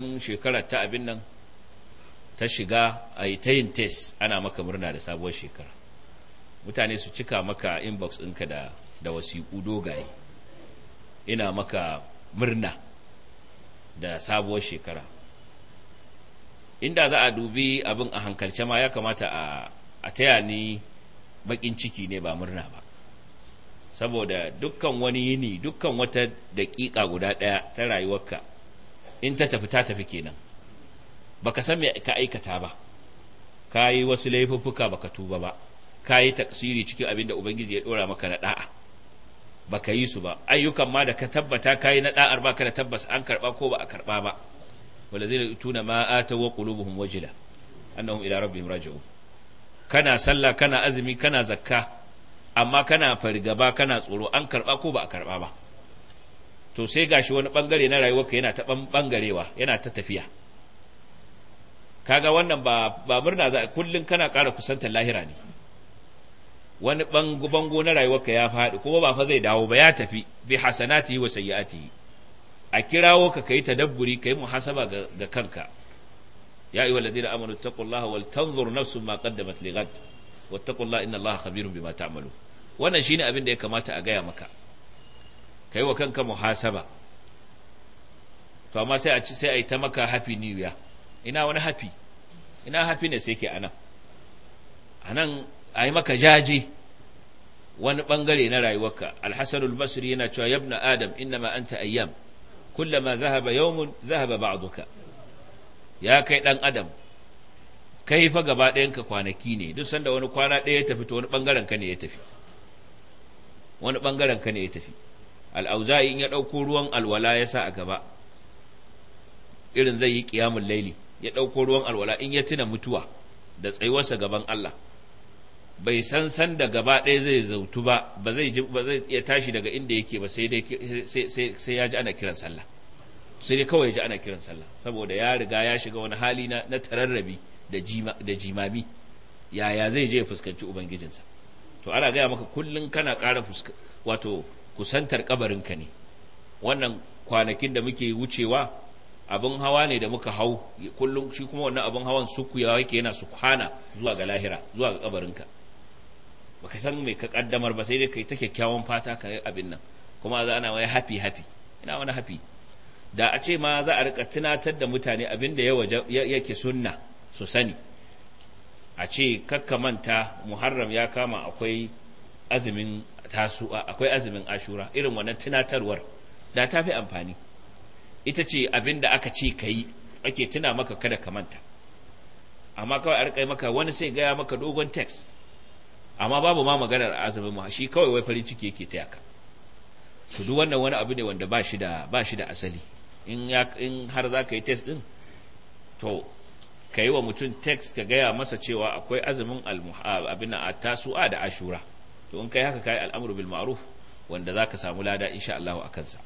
shekarar ta abin nan ta shiga a yi ta yin test ana maka murna da sabuwar shekara mutane su cika maka inbox ɗinka da da wasiƙu dogaye ina maka murna da sabuwar shekara inda za a dubi abin a hankalce ma ya kamata a, a taya ni baƙin ciki ne ba murna ba saboda dukkan wani yini dukkan wata daƙiƙa guda ɗaya ta rayuwarka in ta tafi ta tafi kenan baka san me ka aikata ba ka yi wasu laifuffuka baka tuba ba ka yi taksiri cikin abin da ubangiji ya dora maka na da'a baka yi su ba ayyukan ma da ka tabbata ka yi na da'ar ba da tabbas an karba ko ba a karba ba walazina tuna ma ata wa qulubuhum wajila annahum ila rabbihim raji'un kana sallah kana azumi kana zakka amma kana fargaba kana tsoro an karba ko ba a karba ba to sai gashi wani bangare na rayuwarka yana ta bangarewa yana ta tafiya kaga wannan ba ba murna za kullun kana ƙara kusantar lahira ne wani bango bango na rayuwarka ya faɗi kuma ba fa zai dawo ba ya tafi bi hasanatihi wa sayyi'atihi a kirawo ka kai tadabburi kai muhasaba ga, kanka ya ayyuhal ladina amanu taqullaha wal tanzur nafsun ma qaddamat lighad wattaqullaha inna allaha khabirun bima ta'malun wannan shine abin da ya kamata a gaya maka ka yi wa kanka muhasaba to amma sai a ci sai a yi ta maka happy new year ina wani happy ina happiness yake a anan, a nan a yi maka jaje wani bangare na rayuwarka alhassanul basri yana cewa yabna adam innama anta ayyam kullama zahaba yawmun zahaba ba'duka ya kai dan adam kai fa gaba ɗayanka kwanaki ne duk sanda wani kwana ɗaya ya tafi to wani bangaren ka ne ya tafi wani bangaren ka ne ya tafi al'auza'i in ya ɗauko ruwan alwala ya sa a gaba irin zai yi ƙiyamun laili ya ɗauko ruwan alwala in ya tuna mutuwa da tsayuwarsa gaban Allah bai san san da gaba ɗaya zai zautu ba ba zai iya tashi daga inda yake ba sai ya ji ana kiran sallah sai dai kawai ji ana kiran sallah saboda ya riga ya shiga wani hali na na tararrabi da jimami yaya zai je ya fuskanci ubangijinsa to ana gaya maka kullum kana ƙara fuska wato kusantar kabarinka ne wannan kwanakin da muke wucewa abin hawa ne da muka hau kullum shi kuma wannan abin hawan sukuya yake yana su kwana zuwa ga lahira zuwa ga kabarinka baka san mai ka kaddamar ba sai dai kai ta kyakkyawan fata ka abin nan kuma za ana wai happy happy ina wani happy da a ce ma za a rika tunatar da mutane abin da yake sunna su sani a ce kakka manta muharram ya kama akwai azumin tasu'a akwai azumin ashura irin wannan tunatarwar da ta fi amfani ita ce abin da aka ce ka yi ake tuna maka kada ka manta amma kawai a rikai maka wani sai gaya maka dogon text amma babu ma maganar azumin mu shi kawai wai farin ciki yake ta yaka to duk wannan wani abu ne wanda ba shi da ba shi da asali in ya in har za ka yi test din to ka yi wa mutum text ka gaya masa cewa akwai azumin abin a tasu'a da ashura to in kai haka kai al'amru bil ma'ruf wanda zaka samu lada insha Allah a kansa